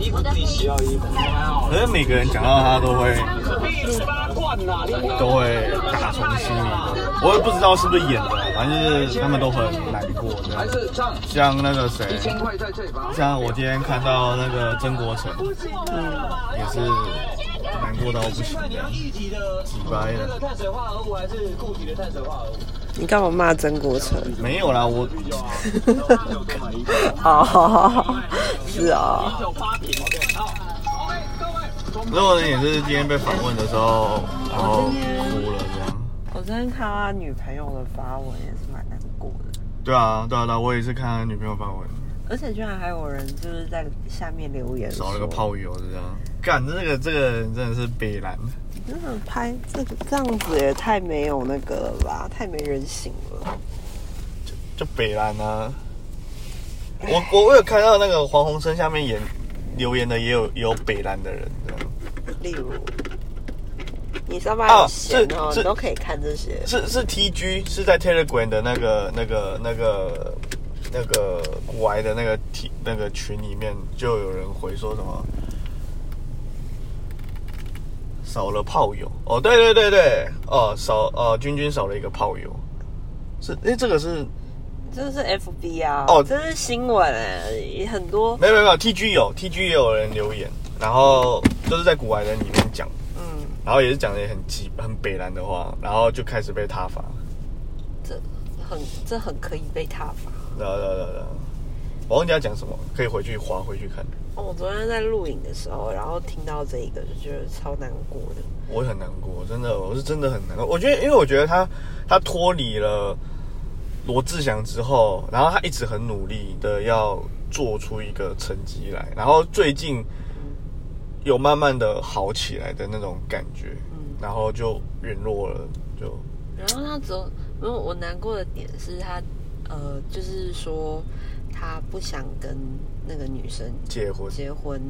衣服自己衣服可是每個人講到他都會，都會打從心裡。我也不知道是不是演的，反正是他們都很難過。還是像像那個誰，像我今天看到那個曾國城、嗯，也是難過到不行。那你要液體的，那個碳水化合物還是固體的碳水化合物？你幹嘛罵曾國城？沒有啦，我。 oh, oh, oh, oh, oh, oh. 是啊、哦。如果也是今天被訪問的時候，嗯、然後哭了，這樣。我今天看他女朋友的發文也是蠻難過的。對啊，對啊，對啊。我也是看他女朋友發文。而且居然還有人就是在下面留言，少了一個炮友。哦，是這樣。感覺這個這個人真的是北爛。那拍這個這樣子也太沒有那個了吧，太沒人性了。就就北蘭啊，我我我有看到那個黃鴻升下面演留言的也有也有北蘭的人，例如你上班閒哦、啊，是你都可以看這些。是是，是 TG 是在 Telegram 的那個那個那個那個 Y 的那個 T 那個群裡面就有人回說什麼。少了炮友哦，對對對對，哦，少呃、哦、君君少了一個炮友，是，哎這個是這是 FB 啊、哦，哦這是新聞，很多沒有沒有 T G 有 T G 也有人留言，然後都是在古玩人裡面講，嗯，然後也是講的很極，很北爛的話，然後就開始被撻伐，這很這很可以被撻伐，呃呃呃，我忘記要講什麼，可以回去划回去看。我、哦、昨天在錄影的時候，然後聽到這一個，就覺得超難過的。我很難過，真的，我是真的很難過。我覺得，因為我覺得他，他脫離了羅志祥之後，然後他一直很努力的要做出一個成績來，然後最近有慢慢的好起來的那種感覺，嗯、然後就隕落了，就。然後他走，我我難過的點是他，呃，就是說。他不想跟那個女生結婚，結婚，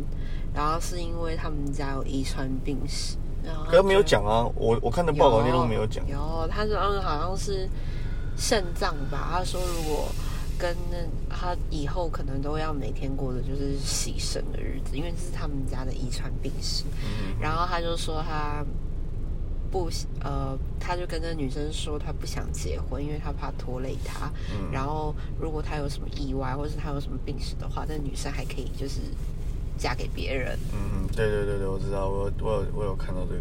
然後是因為他們家有遺傳病史，然後他可沒有講啊，我我看的報告內容沒有講。然後他說，好像是腎臟吧。他說，如果跟那他以後可能都要每天過的就是洗腎的日子，因為這是他們家的遺傳病史。嗯，然後他就說他。不，呃，他就跟那女生說他不想結婚，因為他怕拖累她，嗯。然後，如果他有什麼意外，或者是他有什麼病史的話，那女生還可以就是嫁給別人。嗯，對對對對，我知道，我有我有我有看到這個。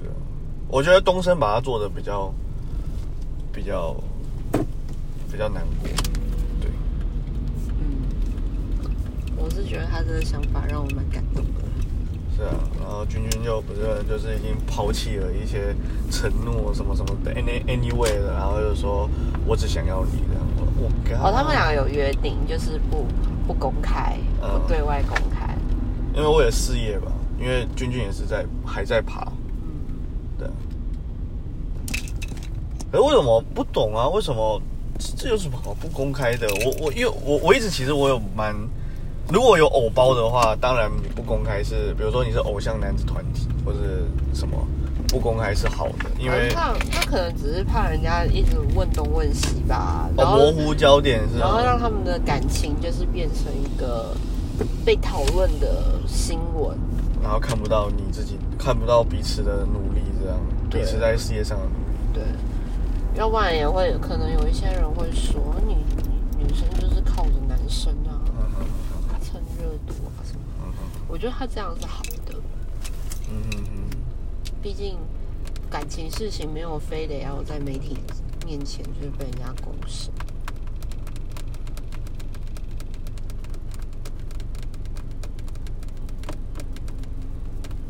我覺得東昇把他做得比較比較比較難過，對，嗯，我是覺得他這個想法讓我蠻感動的。是啊，然後君君就不是，就是已經拋棄了一些承諾什麼什麼的，any anyway 的，然後就說，我只想要你了。我跟、哦、他們兩個有約定，就是不不公開、嗯，不對外公開。因為我有事業吧，因為君君也是在還在爬。嗯，對。可是，為什麼不懂啊？為什麼這有什麼好不公開的？我我因為我我一直其實我有蠻。如果有偶包的話，當然你不公開是，比如說你是偶像男子團體或者什麼，不公開是好的，因為他他可能只是怕人家一直問東問西吧，模糊焦點，是，然後讓他們的感情就是變成一個被討論的新聞，然後看不到你自己看不到彼此的努力，這樣彼此在事業上的努力對，對，要不然也會可能有一些人會說你女生就是靠着男生啊。我覺得他這樣是好的，嗯哼哼，畢竟感情事情沒有非得要在媒體面前就被人家公示，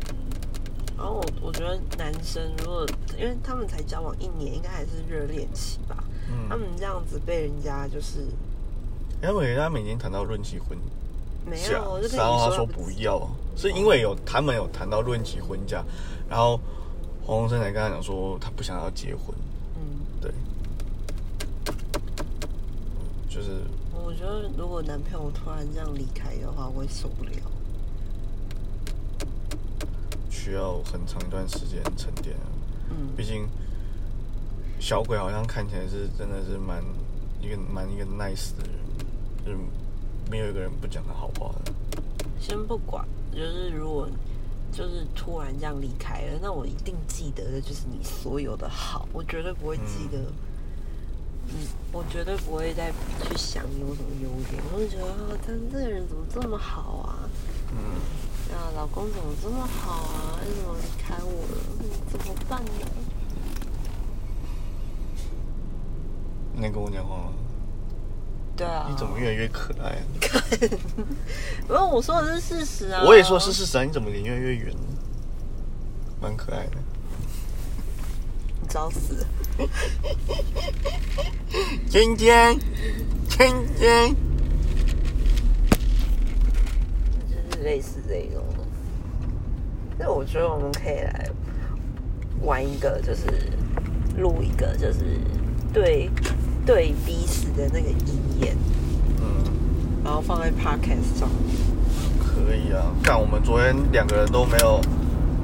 嗯。然後我我覺得男生如果因為他們才交往一年，應該還是熱戀期吧，嗯，他們這樣子被人家就是，因為人家每年談到論及婚姻。沒有然後、啊、他說不要，是、啊、是因為有他們有談到論及婚嫁，嗯、然後黃鴻升才跟他講說他不想要結婚，嗯、對，就是我覺得如果男朋友突然這樣離開的話，我會受不了，需要很長一段時間沉澱、嗯、畢竟小鬼好像看起來是真的是蠻一個蠻一個 nice 的人，就。沒有一個人不講他好話的。先不管，就是如果就是突然這樣離開了，那我一定記得的就是你所有的好，我絕對不會記得。嗯，嗯我絕對不會再去想你有什麼優點。我會覺得，啊，他這個人怎麼這麼好啊？嗯啊。老公怎麼這麼好啊？為什麼離開我了？怎麼辦呢？能跟我講話嗎？對啊，你怎麼越來越可愛啊？因 為我說的是事實啊，我也說是事實啊。你怎麼臉越來越圓，蠻可愛的。你找死！今 天今天，天，天，就是類似這種。但我覺得我們可以來玩一個，就是錄一個，就是對。對彼此的那個遺言，嗯，然後放在 Podcast 上面。嗯。可以啊，但我們昨天兩個人都沒有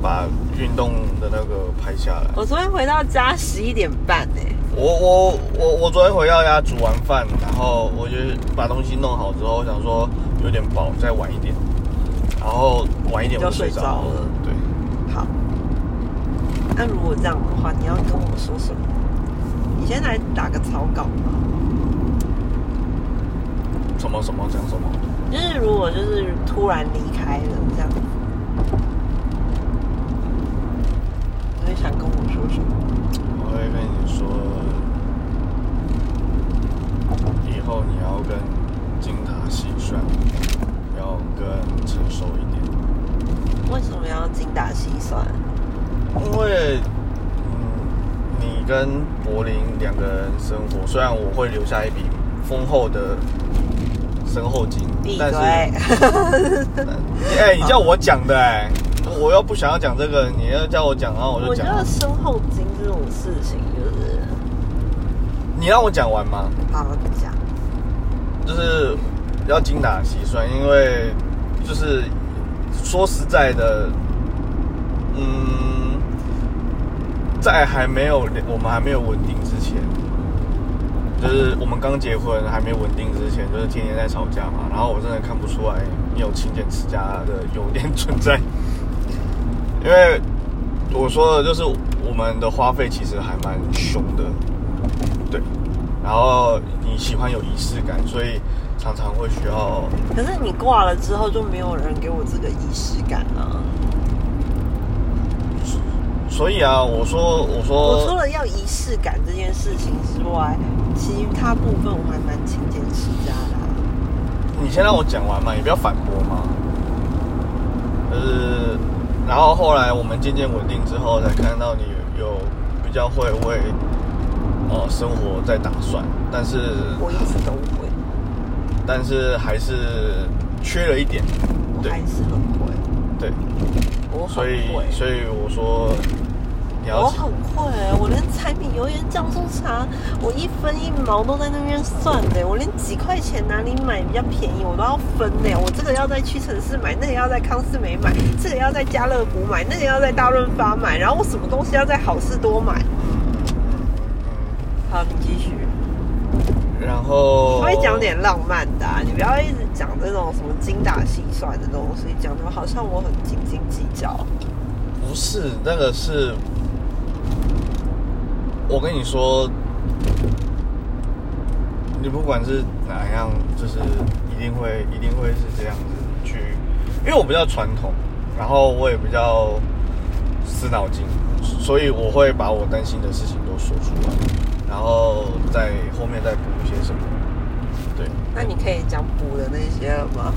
把運動的那個拍下來。我昨天回到家十一點半誒、欸。我我我我昨天回到家煮完飯，然後我就把東西弄好之後，我想說有點飽，再晚一點，然後晚一點我就睡着了。着了對，好。那如果這樣的話，你要跟我說什麼？你先來打個草稿嘛。什麼什麼講什麼？就是如果就是突然離開了這樣子，你會想跟我說什麼？我會跟你說，以後你要更精打細算，要更成熟一點。為什麼要精打細算？因為。跟柏林兩個人生活，雖然我會留下一筆豐厚的身後金。但是，哎、 欸，你叫我講的哎、欸，我又不想要講這個，你要叫我講，然後我就講。我覺得身後金這種事情就是，你讓我講完嗎？好，我講。就是要精打細算，因為就是說實在的，嗯。在還沒有我們還沒有穩定之前，就是我們剛結婚還沒穩定之前，就是天天在吵架嘛。然後我真的看不出來你有勤儉持家的優點存在，因為我說的就是我們的花費其實還蠻兇的，對。然後你喜歡有儀式感，所以常常會需要。可是你掛了之後就沒有人給我這個儀式感了啊。所以啊，我說，我說，我除了要儀式感這件事情之外，其他部分我還蠻勤儉持家的。你先讓我講完嘛，也不要反駁嘛。就是，然後後來我們漸漸穩定之後，才看到你有，有比較會為呃生活在打算，但是我一直都會，但是還是缺了一點。對我還是很會。對。對，所以所以我說。嗯我、哦、很會、欸，我連柴米油鹽醬醋茶，我一分一毛都在那邊算的、欸。我連幾塊錢哪裡買比較便宜，我都要分的、欸。我這個要在屈臣氏買，那個要在康是美買，這個要在家樂福買，那個要在大潤發買，然後我什麼東西要在好市多買。嗯嗯好，你繼續。然後我會講點浪漫的、啊，你不要一直講這種什麼精打細算的東西，講的好像我很斤斤計較。不是，那個是。我跟你說，你不管是哪樣，就是一定會，一定會是這樣子去。因為我比較傳統，然後我也比較死腦筋，所以我會把我擔心的事情都說出來，然後在後面再補一些什麼。對。那你可以講補的那些嗎？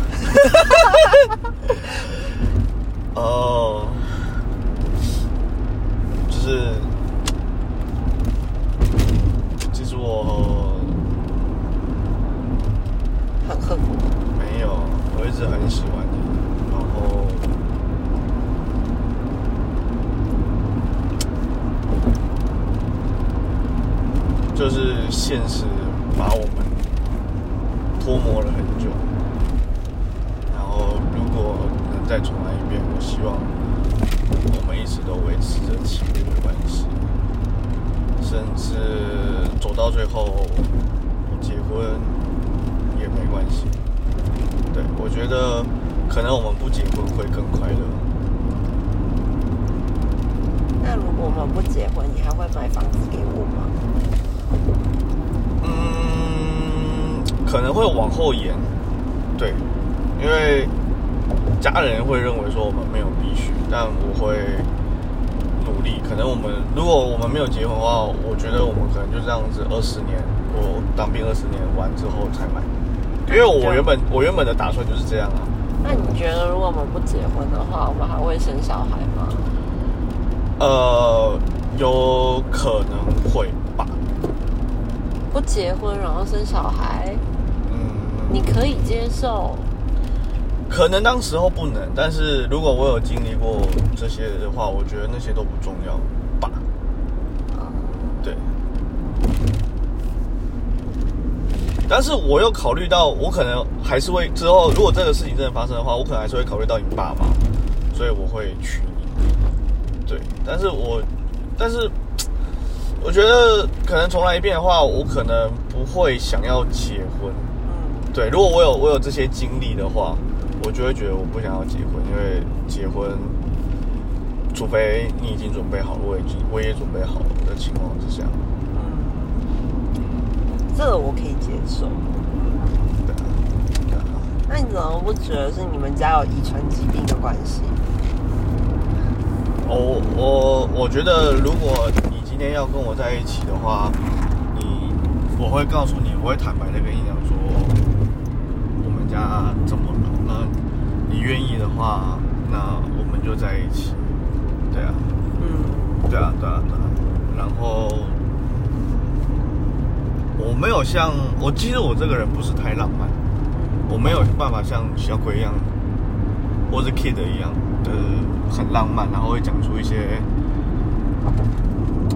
哦、 呃，就是。.我恨恨過沒有，我一直很喜歡你。然後就是現實把我們拖磨了很久。然後如果能再重來一遍，我希望我們一直都維持着情侶的關係。甚至走到最後不結婚也沒關係。對，我覺得可能我們不結婚會更快樂。那如果我們不結婚，你還會買房子給我嗎？嗯，可能會往後延。對，因為家人會認為說我們沒有必須，但我會。可能我們如果我們沒有結婚的話，我覺得我們可能就這樣子二十年，我當兵二十年完之後才買，因為我原本我原本的打算就是這樣啊。那你覺得如果我們不結婚的話，我們還會生小孩嗎？呃，有可能會吧。不結婚然後生小孩，嗯，你可以接受。可能當時候不能，但是如果我有經歷過這些的話，我覺得那些都不重要吧。啊，對。但是我又考慮到，我可能還是會之後，如果這個事情真的發生的話，我可能還是會考慮到你爸媽，所以我會娶你。對，但是我，但是，我覺得可能重來一遍的話，我可能不會想要結婚。嗯，對，如果我有我有這些經歷的話。我就會覺得我不想要結婚，因為結婚，除非你已經準備好了，我也我也準備好的情況之下。嗯，這個我可以接受。對啊，對啊。那你怎麼不覺得是你們家有遺傳疾病的關係？哦，我我我覺得，如果你今天要跟我在一起的話，你我會告訴你，我會坦白的跟你講說，我們家怎麼。你願意的話，那我們就在一起。對啊，嗯，對啊，對啊，對啊。對啊，然後我沒有像，我其實我這個人不是太浪漫，我沒有辦法像小鬼一樣，或者 Kid 一樣的、呃、很浪漫，然後會講出一些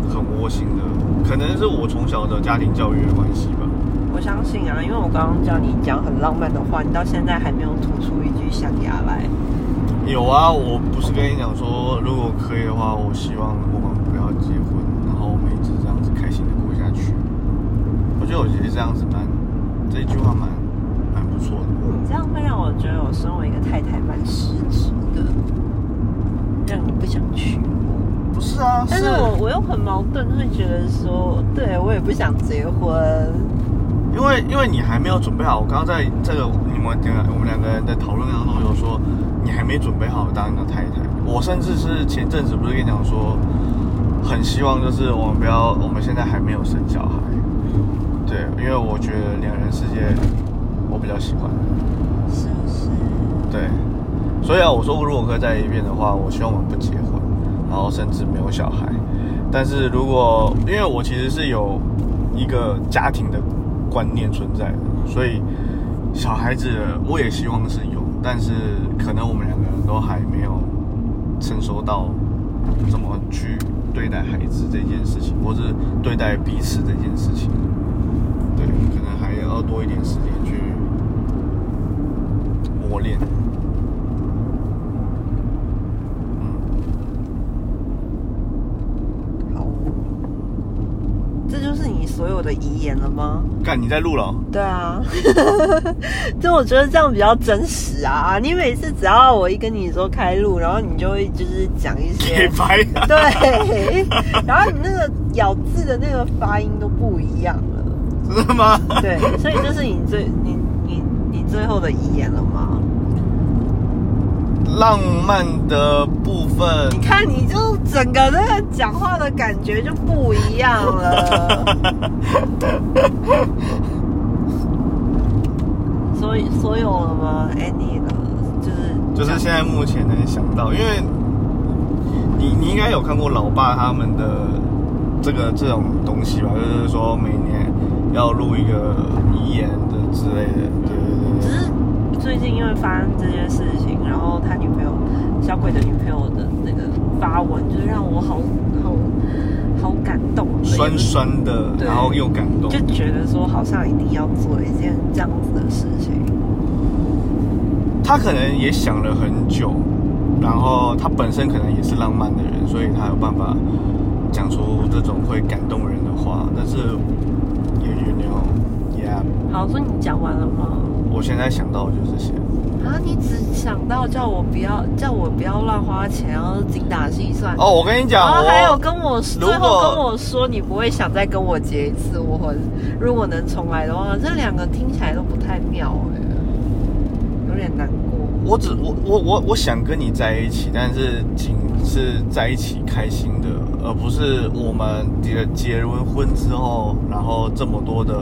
很窩心的。可能是我從小的家庭教育的關係。我相信啊，因為我剛剛叫你講很浪漫的話，你到現在還沒有吐出一句象牙來。有啊，我不是跟你講說，okay. 如果可以的話，我希望我們不要結婚，然後我們一直這樣子開心的過下去。我覺得我其實這樣子蠻，這一句話蠻蠻不錯的。嗯，這樣會讓我覺得我身為一個太太蠻失職的，讓你不想娶我。不是啊，是但是我我又很矛盾，會覺得說，對我也不想結婚。因為因為你還沒有準備好，我剛剛在這個你們我們兩個人在討論當中有說你還沒準備好當個太太。我甚至是前陣子不是跟你講說，很希望就是我們不要，我們現在還沒有生小孩。對，因為我覺得兩人世界我比較喜歡。是，是。對，所以啊，我說我如果可以再一遍的話，我希望我們不結婚，然後甚至沒有小孩。但是如果因為我其實是有一個家庭的。觀念存在的，所以小孩子我也希望是有，但是可能我們兩個人都還沒有成熟到怎麼去對待孩子這件事情，或是對待彼此這件事情，對，可能還要多一點時間去磨練。遺言了嗎？幹，你在錄了哦？對啊，呵呵，就我覺得這樣比較真實啊！你每次只要我一跟你說開錄，然後你就會就是講一些、啊、對，然後你那個咬字的那個發音都不一樣了，真的嗎？對，所以這是你最你你你最後的遺言了嗎？浪漫的部分，嗯、你看，你就整個那個講話的感覺就不一樣了。 所以，所有了嗎？Any 呢？就是就是現在目前能想到，因為你你應該有看過老爸他們的這個這種東西吧？就是說每年要錄一個遺言的之類的。對，只、嗯、是最近因為發生這件事情。他女朋友、小鬼的女朋友的那個發文，就是讓我好好好感動，酸酸的，然後又感動，就覺得說好像一定要做一件這樣子的事情。他可能也想了很久，然後他本身可能也是浪漫的人，所以他有辦法講出這種會感動人的話。但是也員呢 Yeah 好，所以你講完了嗎？我現在想到的就是這些。啊！你只想到叫我不要叫我不要亂花錢，然後精打細算。哦，我跟你講，然後、啊、還有跟我最後跟我說，你不會想再跟我結一次。我如果能重來的話，這兩個聽起來都不太妙哎，有點難過。我只我我我我想跟你在一起，但是僅是在一起開心的，而不是我們結結完婚之後，然後這麼多的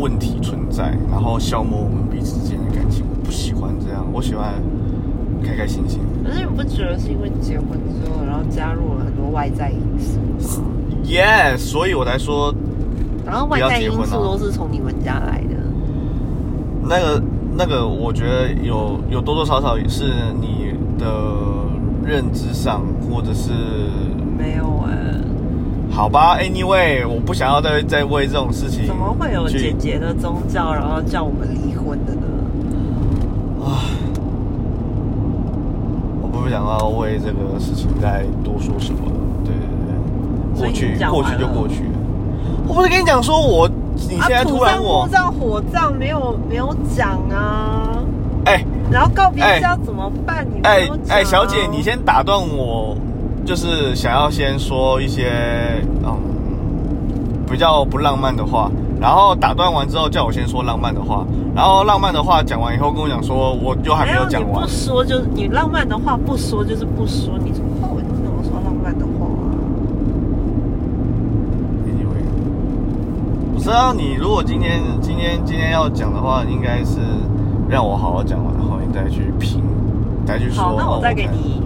問題存在，然後消磨我們彼此。我喜歡開開心心。可是你不覺得是因為結婚之後，然後加入了很多外在因素？Yes，所以我才說。然後外在因素都是從你們家來的。那個那個，我覺得有有多多少少也是你的認知上，或者是沒有哎、欸。好吧，Anyway，我不想要再再為這種事情。怎麼會有姐姐的宗教，然後叫我們離婚的呢？啊，我不想要為這個事情再多說什麼，對對對，過去過去就過去。我不是跟你講說我，我你現在突然我、啊、火葬，火葬沒有沒有講啊。哎、欸，然後告別一下怎麼辦？欸、你哎哎、啊欸欸，小姐，你先打斷我，就是想要先說一些嗯比較不浪漫的話。然後打斷完之後，叫我先說浪漫的話。然後浪漫的話講完以後，跟我講說，我又還沒有講完。不說就是、你浪漫的話不說就是不說，你話我都怎麼說？你跟我說浪漫的話啊？我知道，你如果今天今天今天要講的話，應該是讓我好好講完，然後你再去評，再去說。好，那我再給你。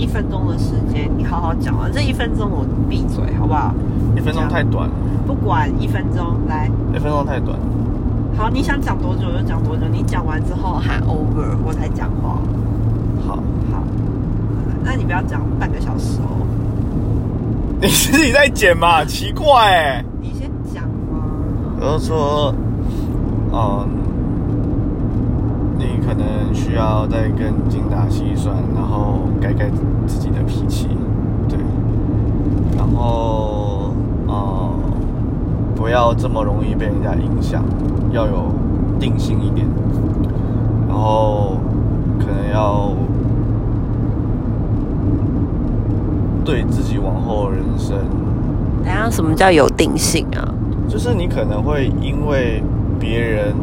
一分鐘的時間，你好好講完這一分鐘我閉嘴，好不好？一分鐘太短了。不管一分鐘，來。一分鐘太短了。好，你想講多久就講多久。你講完之後喊 over，我才講話。好好，好，那你不要講半個小時哦。你自己在剪嘛？奇怪欸，你先講嘛。我要說，哦。呃可能需要再更精打細算，然後改改自己的脾氣，對，然後啊、呃，不要這麼容易被人家影響，要有定性一點，然後可能要對自己往後的人生，等下什麼叫有定性啊？就是你可能會因為別人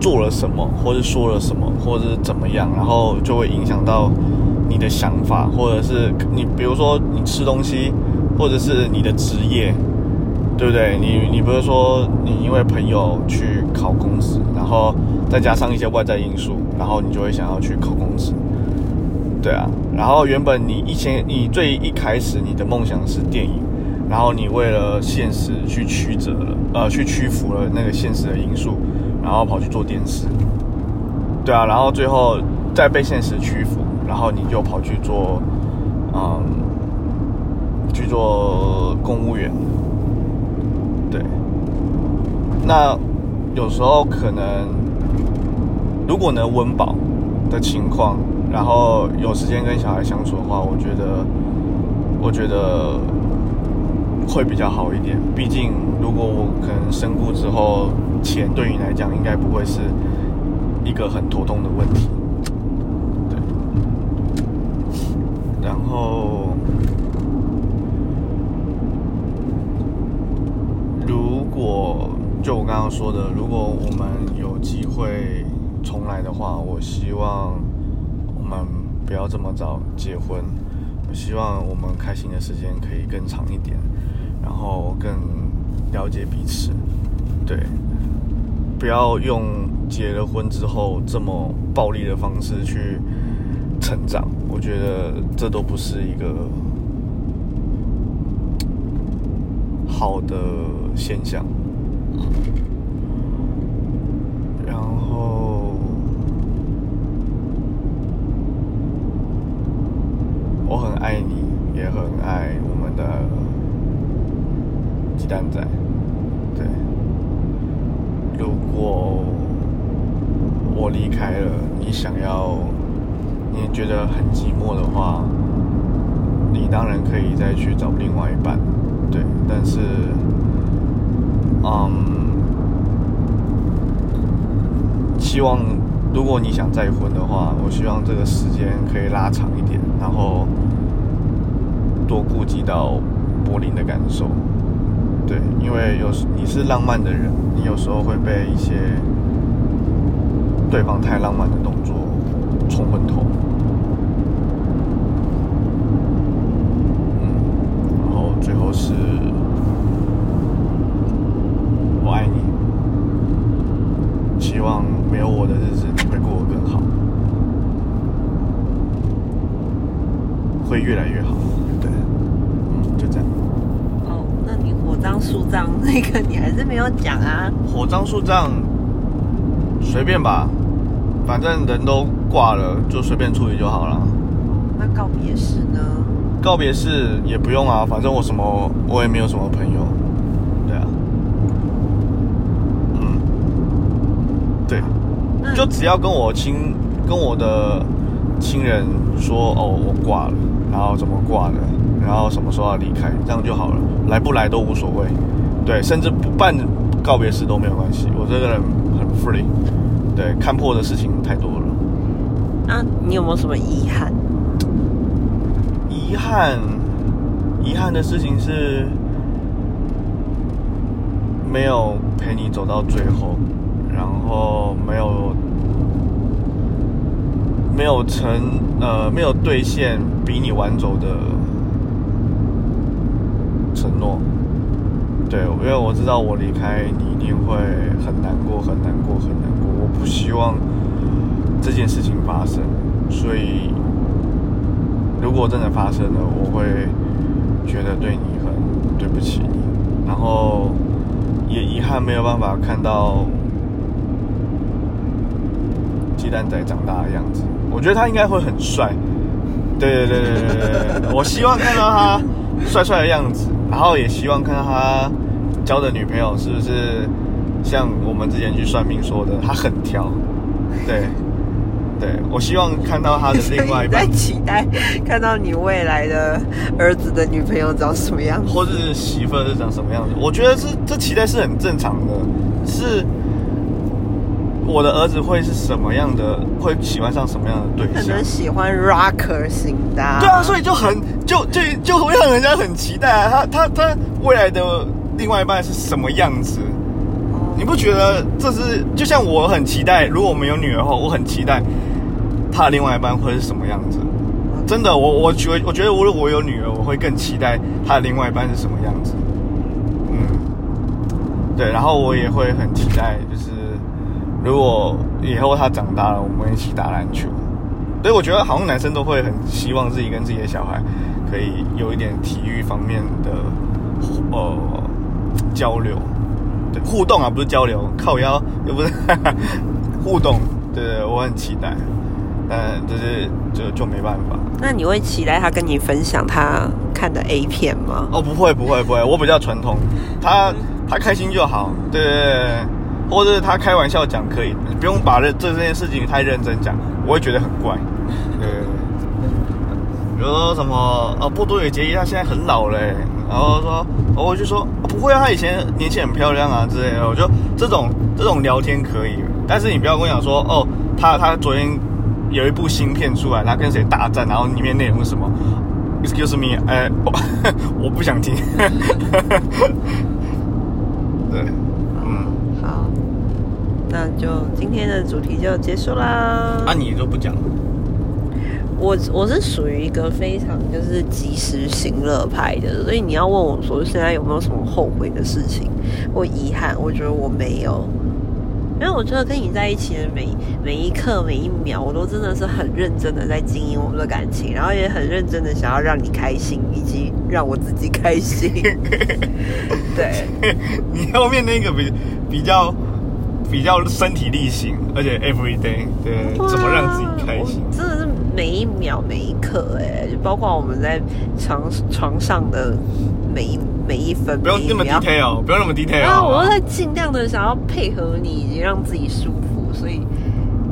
做了什麼，或者說了什麼。或者是怎麼樣，然後就會影響到你的想法，或者是你比如說你吃東西，或者是你的職業，對不對？你你不是說你因為朋友去考公職，然後再加上一些外在因素，然後你就會想要去考公職，對啊。然後原本你以前你最一開始你的夢想是電影，然後你為了現實去曲折了，呃，去屈服了那個現實的因素，然後跑去做電視。對啊，然後最後再被現實屈服，然後你就跑去做，嗯，去做公務員。對，那有時候可能，如果能溫飽的情況，然後有時間跟小孩相處的話，我覺得，我覺得會比較好一點。畢竟，如果我可能身故之後，錢對於你來講應該不會是。一個很頭痛的問題，對。然後，如果就我剛剛說的，如果我們有機會重來的話，我希望我們不要這麼早結婚，我希望我們開心的時間可以更長一點，然後更了解彼此，對。不要用結了婚之後這麼暴力的方式去成長，我覺得這都不是一個好的現象。然後我很愛你，也很愛我們的雞蛋仔，對。如果我離開了，你想要，你覺得很寂寞的話，你當然可以再去找另外一半，對。但是，嗯，希望如果你想再婚的話，我希望這個時間可以拉長一點，然後多顧及到柏林的感受。對，因為有時你是浪漫的人，你有時候會被一些對方太浪漫的動作衝昏頭。嗯，然後最後是“我愛你”，希望沒有我的日子你會過得更好，會越來越好。樹葬那個你還是沒有講啊？火葬、樹葬，隨便吧，反正人都掛了，就隨便處理就好了。那告別式呢？告別式也不用啊，反正我什麼我也沒有什麼朋友。對啊，嗯，對，就只要跟我親跟我的親人說哦，我掛了，然後怎麼掛的。然後什麼時候要離開，這樣就好了。來不來都無所謂，對，甚至不辦告別式都沒有關係。我這個人很 free，對，看破的事情太多了。那、啊、你有沒有什麼遺憾？遺憾，遺憾的事情是沒有陪你走到最後，然後沒有沒有成呃，沒有兌現比你晚走的承諾，對，因為我知道我離開你一定會很難過，很難過，很難過。我不希望這件事情發生，所以如果真的發生了，我會覺得對你很對不起你，然後也遺憾沒有辦法看到雞蛋仔長大的樣子。我覺得他應該會很帥，對對對對對，我希望看到他帥帥的樣子。然後也希望看到他交的女朋友是不是像我們之前去算命說的，他很挑。對，對，我希望看到他的另外一半。對，你在期待看到你未來的兒子的女朋友長什麼樣子，或者是媳婦是長什麼樣子？我覺得是這期待是很正常的，是。我的兒子會是什麼樣的？會喜歡上什麼樣的對象？可能喜歡 Rocker 型的、啊。對啊，所以就很就就就會讓人家很期待啊！他他他未來的另外一半是什麼樣子？你不覺得這是就像我很期待，如果我們有女兒的話，我很期待她的另外一半會是什麼樣子？真的，我我覺我覺得，我覺得如果我有女兒，我會更期待她的另外一半是什麼樣子。嗯，對，然後我也會很期待，就是。如果以後他長大了，我們一起打籃球。所以我覺得好像男生都會很希望自己跟自己的小孩可以有一點體育方面的呃交流，對互動啊不是交流，靠腰又不是呵呵互動。對，我很期待，但就是就就沒辦法。那你會期待他跟你分享他看的 A 片嗎？哦不會不會不會，我比較傳統，他他開心就好。對。對對或者是他開玩笑講可以，你不用把這這件事情太認真講，我會覺得很怪。對，比如說什麼呃、哦，波多野結衣她現在很老嘞，然後說，哦、我就說、哦、不會啊，她以前年輕很漂亮啊之類的。我就這種這種聊天可以，但是你不要跟我講說哦，他他昨天有一部新片出來，他跟誰大戰，然後裡面內容是什麼 ？Excuse me，呃、欸，哦、 我不想聽。 對。那就今天的主題就結束啦。那、啊、你就不講了？我我是屬於一個非常就是及時行樂派的，所以你要問我說現在有沒有什麼後悔的事情或遺憾，我覺得我沒有，因為我覺得跟你在一起的每每一刻每一秒，我都真的是很認真的在經營我們的感情，然後也很認真的想要讓你開心以及讓我自己開心。 對，你後面那個比比較。比較身體力行，而且 everyday 對，怎麼讓自己開心，真的是每一秒每一刻，哎，就包括我們在床床上的每一每一分，不用那麼 detail，不用那麼 detail，啊，我都在盡量的想要配合你以及讓自己舒服，所以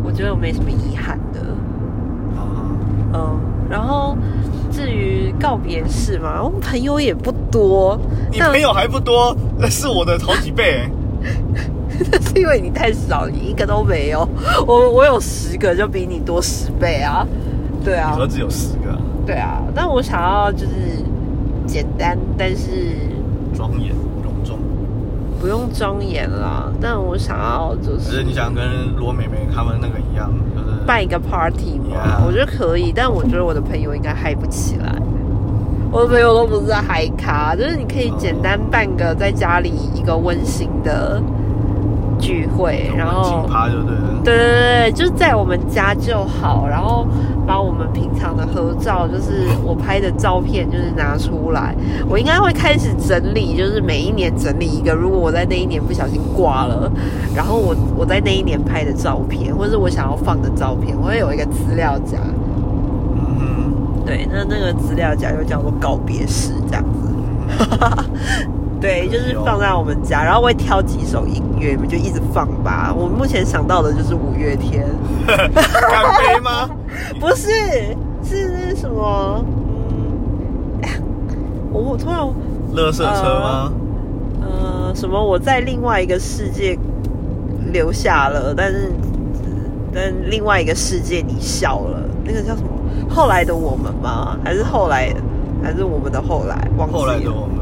我覺得我沒什麼遺憾的，啊，嗯，然後至於告別式嘛，我朋友也不多，你朋友還不多，那 是我的好幾倍。 是因為你太少，你一個都沒有。我我有十個，就比你多十倍啊！對啊，我只有十個啊。對啊，但我想要就是簡單，但是莊嚴隆重，不用莊嚴啦。但我想要就是你想跟羅妹妹他們那個一樣，就是辦一個 party 嗎？我覺得可以，但我覺得我的朋友應該嗨不起來。我的朋友都不是在嗨咖，就是你可以簡單辦個在家裡一個溫馨的聚會，然後就對對對，就是在我們家就好。然後把我們平常的合照，就是我拍的照片，就是拿出來。我應該會開始整理，就是每一年整理一個。如果我在那一年不小心掛了，然後我我在那一年拍的照片，或者我想要放的照片，我會有一個資料夾。嗯，對，那那個資料夾又叫做告別式這樣子。 對，就是放在我們家，然後會挑幾首音樂，就一直放吧。我目前想到的就是五月天，乾 杯嗎？ 不是，是那什麼，嗯，哎呀，我我突然，樂色車嗎、呃？嗯，什麼？我在另外一個世界留下了，但是但另外一個世界你笑了，那個叫什麼？後來的我們嗎？還是後來，還是我們的後來？忘記了。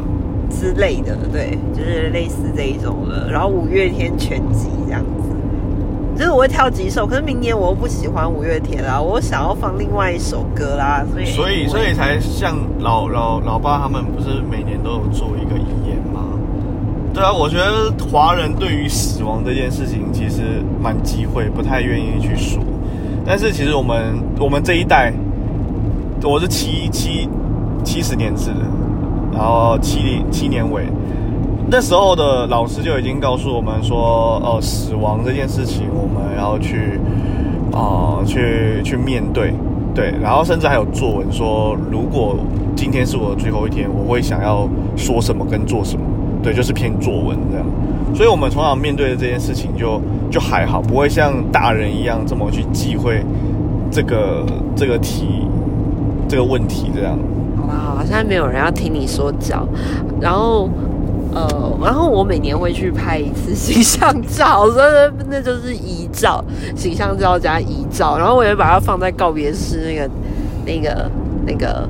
之類的，對，就是類似這一種的。然後五月天全集這樣子，就是我會挑幾首。可是明年我又不喜歡五月天啦，我想要放另外一首歌啦。所以，所以，所以才像老老老爸他們不是每年都有做一個遺言嗎？對啊，我覺得華人對於死亡這件事情其實蠻忌諱，不太願意去說。但是其實我們我們這一代，我是七七七十年次的。然後七年七年尾，那時候的老師就已經告訴我們說，哦、呃，死亡這件事情，我們要去，啊、呃，去去面對，對，然後甚至還有作文說，如果今天是我最後一天，我會想要說什麼跟做什麼，對，就是篇作文這樣。所以我們從小面對的這件事情就就還好，不會像大人一樣這麼去忌諱這個這個題這個問題這樣。好像沒有人要聽你說教，然後，呃，然後我每年會去拍一次形象照，所以那，那就是遺照，形象照加遺照，然後我也把它放在告別式那個、那個、那個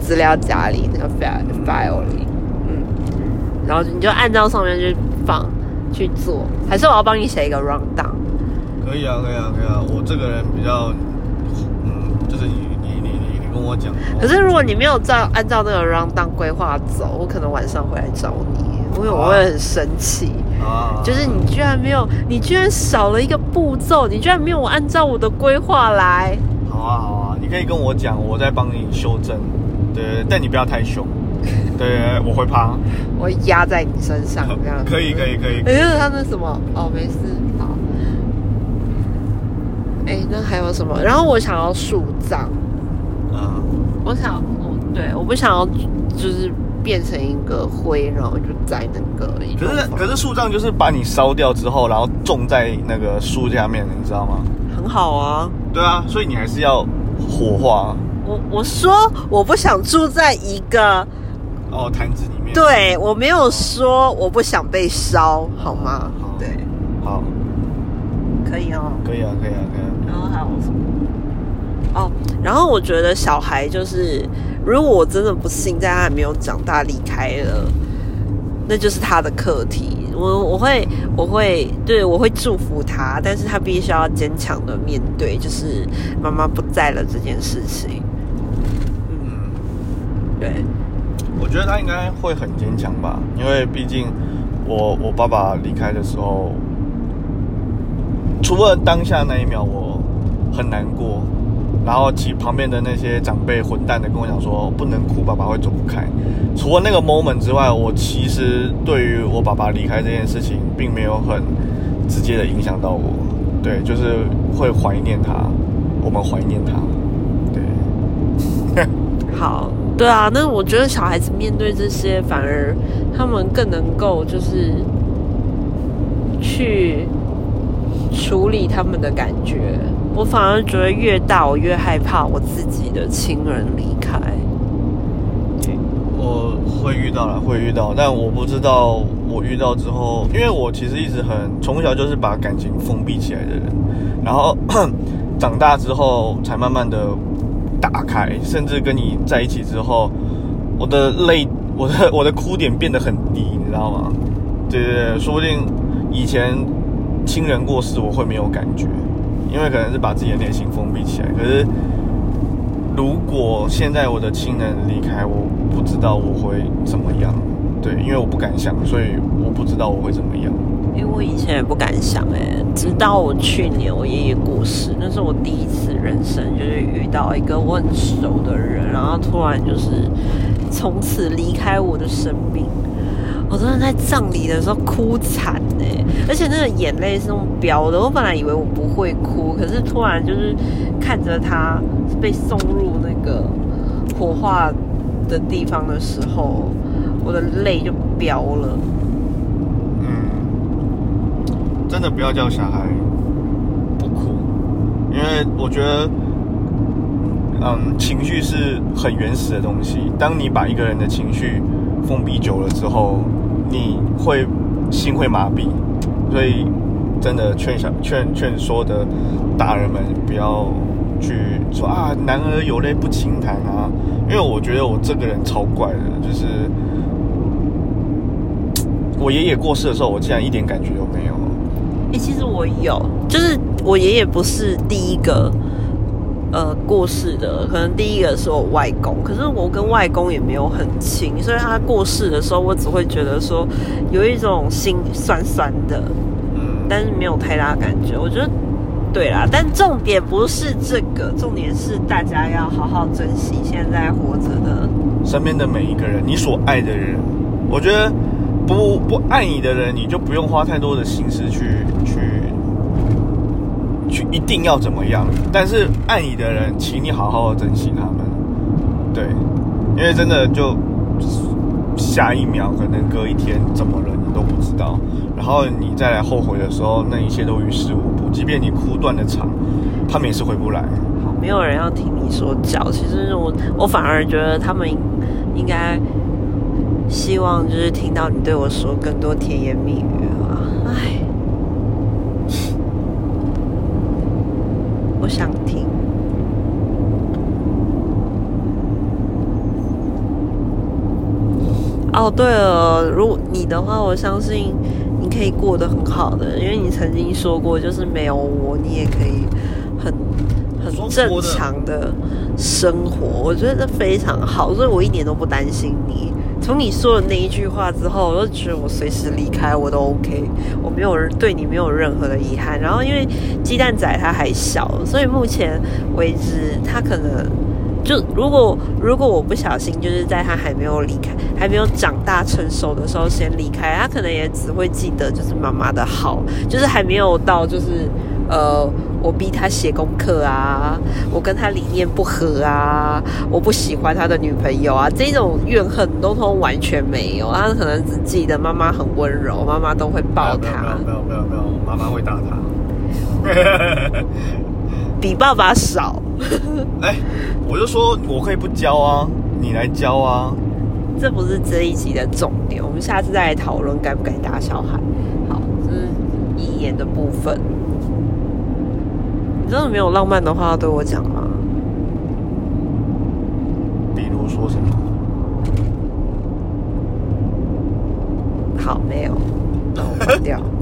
資料夾裡，那個 file file 裡，嗯，然後你就按照上面去放去做，還是我要幫你寫一個 rundown？可以啊，可以啊，可以啊，我這個人比較，嗯，就是你。跟我講。可是如果你沒有照按照那個 rundown 規劃走，我可能晚上回來找你，啊，因為我會很生氣。啊，就是你居然沒有，你居然少了一個步驟，你居然沒有按照我的規劃來。好啊，好啊，你可以跟我講，我再幫你修正。對，但你不要太凶。 對，我會怕。我壓在你身上這樣。可以，可以，可以。欸、可以是他那什麼？哦，沒事。好。哎，那還有什麼？然後我想要樹葬。嗯，我想，對，我不想要，就是變成一個灰，然後就在那個，個。可是，可是樹葬就是把你燒掉之後，然後種在那個樹下面，你知道嗎？很好啊。對啊，所以你還是要火化。我我說我不想住在一個哦壇子裡面。對，我沒有說我不想被燒，好嗎？嗯，好。對。好。可以哦。可以啊，可以啊，可以啊。然後還有什麼？哦，然後我覺得小孩就是，如果我真的不幸，在他還沒有長大離開了，那就是他的課題。我我會我會對我會祝福他，但是他必須要堅強的面對，就是媽媽不在了這件事情。嗯，對，我覺得他應該會很堅強吧，因為畢竟我我爸爸離開的時候，除了當下那一秒，我很難過。然後其旁邊的那些長輩混蛋的跟我講說，不能哭，爸爸會走不開。除了那個 moment 之外，我其實對於我爸爸離開這件事情，並沒有很直接的影響到我。對，就是會懷念他，我們懷念他。對， 好，對啊，那我覺得小孩子面對這些，反而他們更能夠就是去。處理他們的感覺，我反而覺得越大，我越害怕我自己的親人離開。我會遇到了，會遇到，但我不知道我遇到之後，因為我其實一直很從小就是把感情封閉起來的人，然後長大之後才慢慢的打開，甚至跟你在一起之後，我的淚，我的我的哭點變得很低，你知道嗎？對對對，說不定以前。親人過世，我會沒有感覺，因為可能是把自己的內心封閉起來。可是，如果現在我的親人離開，我不知道我會怎麼樣。對，因為我不敢想，所以我不知道我會怎麼樣。因為我以前也不敢想、欸，哎，直到我去年我爺爺過世，那是我第一次人生就是遇到一個我很熟的人，然後突然就是從此離開我的生命。我真的在葬禮的時候哭慘欸，而且那個眼淚是那種飆的。我本來以為我不會哭，可是突然就是看着他被送入那個火化的地方的時候，我的淚就飆了。嗯，真的不要叫小孩不哭，因為我覺得，嗯，情緒是很原始的東西。當你把一個人的情緒，封閉久了之後，你會心會麻痹，所以真的勸小勸勸說的大人們不要去說啊“男兒有淚不輕彈”啊，因為我覺得我這個人超怪的，就是我爺爺過世的時候，我竟然一點感覺都沒有。誒、欸，其實我有，就是我爺爺不是第一個。呃，過世的可能第一個是我外公，可是我跟外公也沒有很親，所以他過世的時候，我只會覺得說有一種心酸酸的，嗯，但是沒有太大感覺。我覺得對啦，但重點不是這個，重點是大家要好好珍惜現在活着的身邊的每一個人，你所愛的人。我覺得不不愛你的人，你就不用花太多的心思去。一定要怎麼樣？但是愛你的人，請你好好珍惜他們。對，因為真的就下一秒，可能隔一天怎麼了你都不知道。然後你再來後悔的時候，那一切都於事無補。即便你哭斷了腸，他們也是回不來。好，沒有人要聽你說教。其實我我反而覺得他們應該希望就是聽到你對我說更多甜言蜜語啊。唉。想聽。哦，對了，如果你的話，我相信你可以過得很好的，因為你曾經說過，就是沒有我，你也可以很很正常的生活，生活的。我覺得非常好，所以我一點都不擔心你。從你說的那一句話之後，我都覺得我隨時離開我都 OK，我沒有對你沒有任何的遺憾。然後，因為雞蛋仔他還小，所以目前為止他可能就如果如果我不小心就是在他還沒有離開、還沒有長大成熟的時候先離開，他可能也只會記得就是媽媽的好，就是還沒有到就是。呃，我逼他寫功課啊，我跟他理念不合啊，我不喜歡他的女朋友啊，這種怨恨通通完全沒有。他可能只記得媽媽很溫柔，媽媽都會抱他。沒有沒有沒有，媽媽會打他， 比爸爸少。哎， 我就說我可以不教啊，你來教啊。這不是這一集的重點，我們下次再來討論該不該打小孩。好，這是遺言的部分。你真的沒有浪漫的話要對我講嗎？比如說什麼？好，沒有，那我關掉。